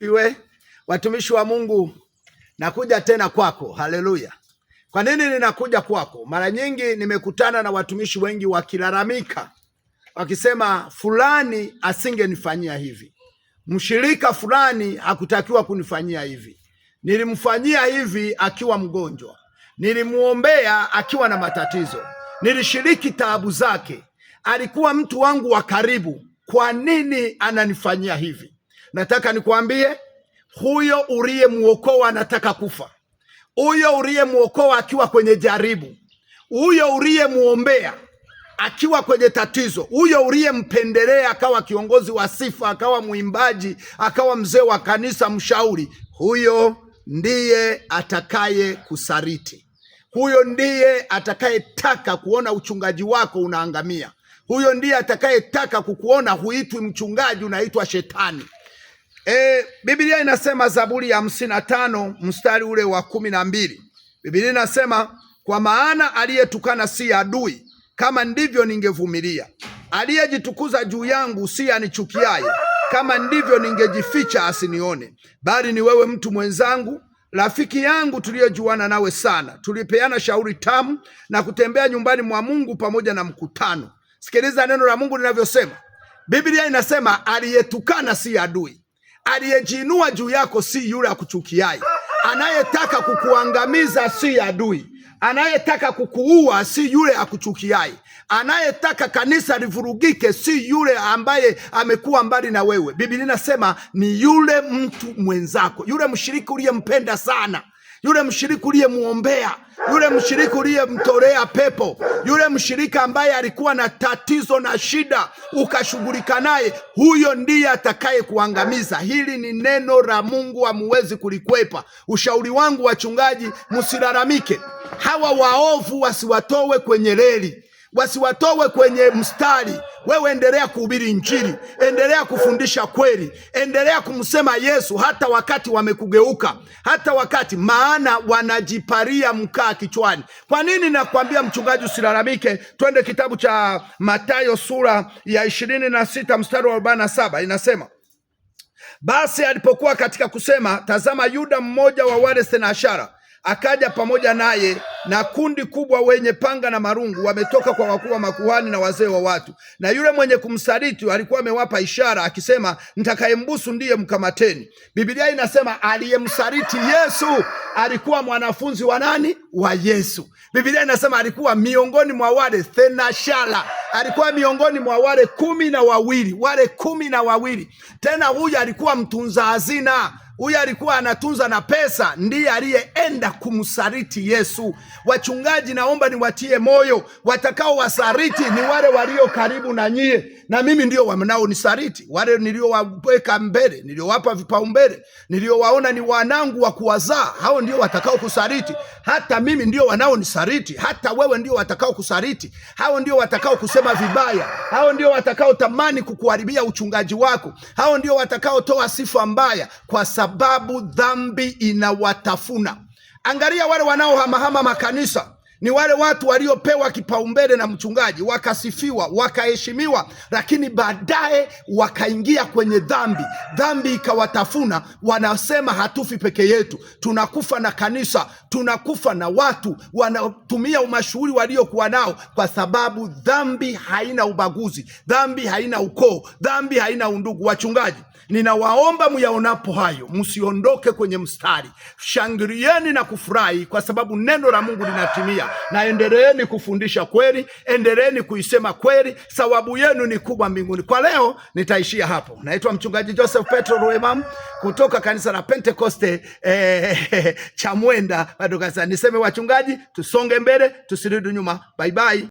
Iwe watumishi wa Mungu, nakuja tena kwako. Haleluya! Kwa nini ninakuja kwako? Mara nyingi nimekutana na watumishi wengi wakilalamika, wakisema fulani asingenifanyia hivi, mshirika fulani hakutakiwa kunifanyia hivi, nilimfanyia hivi akiwa mgonjwa, nilimuombea akiwa na matatizo, nilishiriki taabu zake, alikuwa mtu wangu wa karibu, kwa nini ananifanyia hivi? Nataka nikuambie huyo uliyemwokoa anataka kufa, huyo uliyemwokoa akiwa kwenye jaribu, huyo uliyemwombea akiwa kwenye tatizo, huyo mpendelea akawa kiongozi wa sifa, akawa mwimbaji, akawa mzee wa kanisa, mshauri, huyo ndiye atakaye kusariti Huyo ndiye atakayetaka kuona uchungaji wako unaangamia. Huyo ndiye atakayetaka kukuona huitwi mchungaji, unaitwa shetani. E, Biblia inasema Zaburi ya hamsini na tano mstari ule wa kumi na mbili Biblia inasema kwa maana aliyetukana si adui, kama ndivyo ningevumilia; aliyejitukuza juu yangu si anichukiaye, kama ndivyo ningejificha asinione. Bali ni wewe mtu mwenzangu, rafiki yangu, tuliyejuana nawe sana, tulipeana shauri tamu na kutembea nyumbani mwa Mungu pamoja na mkutano. Sikiliza neno la Mungu linavyosema. Biblia inasema aliyetukana si adui Aliyejiinua juu yako si yule akuchukiaye. Anayetaka kukuangamiza si adui. Anayetaka kukuua si yule akuchukiaye. Anayetaka kanisa livurugike si yule ambaye amekuwa mbali na wewe. Biblia inasema ni yule mtu mwenzako, yule mshiriki uliyempenda sana yule mshiriki uliyemwombea, yule mshiriki uliyemtolea pepo, yule mshirika ambaye alikuwa na tatizo na shida ukashughulika naye, huyo ndiye atakaye kuangamiza. Hili ni neno la Mungu, hamuwezi kulikwepa. Ushauri wangu wachungaji, msilalamike. Hawa waovu wasiwatowe kwenye reli, wasiwatowe kwenye mstari wewe endelea kuhubiri Injili, endelea kufundisha kweli, endelea kumsema Yesu hata wakati wamekugeuka, hata wakati maana wanajiparia mkaa kichwani. Kwa nini nakwambia mchungaji usilalamike? Twende kitabu cha Mathayo sura ya ishirini na sita mstari wa arobaini na saba inasema basi alipokuwa katika kusema, tazama, Yuda mmoja wa wale senashara akaja pamoja naye na kundi kubwa wenye panga na marungu wametoka kwa wakuu wa makuhani na wazee wa watu. Na yule mwenye kumsaliti alikuwa amewapa ishara akisema, nitakayembusu ndiye mkamateni. Biblia inasema aliyemsaliti Yesu alikuwa mwanafunzi wa nani? Wa Yesu. Biblia inasema alikuwa miongoni mwa wale thenashara, alikuwa miongoni mwa wale kumi na wawili, wale kumi na wawili. Tena huyu alikuwa mtunza hazina huyu alikuwa anatunza na pesa, ndiye aliyeenda kumsariti Yesu. Wachungaji, naomba niwatie moyo, watakao wasariti ni wale walio karibu na nyie na mimi ndio wanaonisaliti, wale niliowaweka mbele, niliowapa vipaumbele, niliowaona ni wanangu wa kuwazaa, hao ndio watakao kusaliti. Hata mimi ndio wanaonisaliti, hata wewe ndio watakao kusaliti. Hao ndio watakao kusema vibaya, hao ndio watakao tamani kukuharibia uchungaji wako, hao ndio watakaotoa sifa mbaya, kwa sababu dhambi inawatafuna. Angalia wale wanaohamahama makanisa ni wale watu waliopewa kipaumbele na mchungaji, wakasifiwa, wakaheshimiwa, lakini baadaye wakaingia kwenye dhambi. Dhambi ikawatafuna, wanasema hatufi peke yetu, tunakufa na kanisa, tunakufa na watu. Wanatumia umashuhuri waliokuwa nao, kwa sababu dhambi haina ubaguzi, dhambi haina ukoo, dhambi haina undugu. Wachungaji, ninawaomba myaonapo hayo, msiondoke kwenye mstari, shangilieni na kufurahi, kwa sababu neno la Mungu linatimia na endeleeni kufundisha kweli, endeleeni kuisema kweli. sababu yenu ni kubwa mbinguni. Kwa leo nitaishia hapo. Naitwa Mchungaji Joseph Petro Ruemam kutoka kanisa la Pentekoste eh, Chamwenda. Niseme wachungaji, tusonge mbele, tusirudi nyuma. Baibai.